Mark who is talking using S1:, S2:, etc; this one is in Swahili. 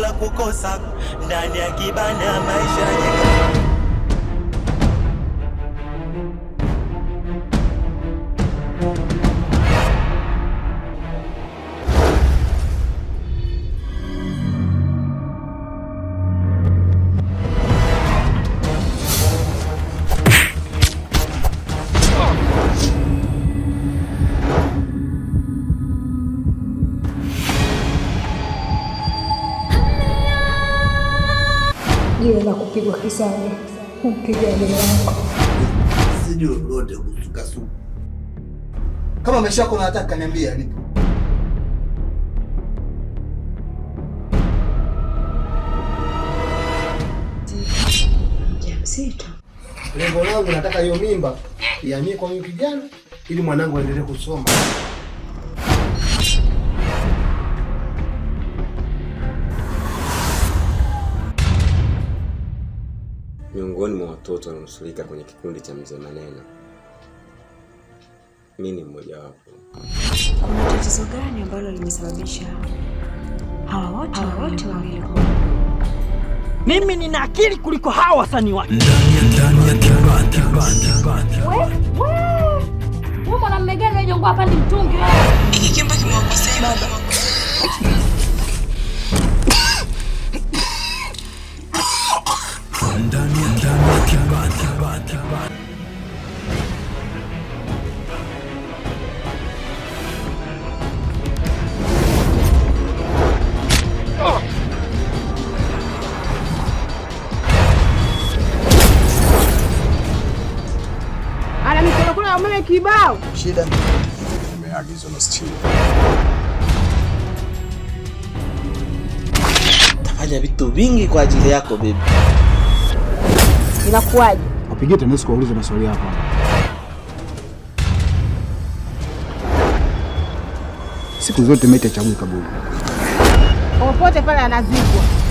S1: langu la kukosa ndani ya kibanda ya maisha jiwe la kupigwa kisasi kumpiga adui wako.
S2: Sijui lolote kusukasuka. Kama maisha yako nataka kaniambia alipo. Lengo langu nataka hiyo mimba ya kwa huyu kijana ili mwanangu aendelee kusoma.
S3: miongoni mwa watoto wanaonusurika kwenye kikundi cha Mzee Maneno. Mi ni mmojawapo.
S1: Kuna tatizo gani ambalo limesababisha hawa wote wote wawili?
S4: Mimi nina akili kuliko hawa wasanii wake. Ndani ya gani unajongwa
S5: hapa? mtungi Kibao mle kibao.
S3: Shida nimeagizwa na Steve.
S6: Tafanya vitu vingi kwa ajili yako baby.
S5: Inakuwaje?
S7: Apige tena sikuuliza maswali hapa. Siku zote maiti hachaguki kaburi.
S5: Popote pale anazikwa.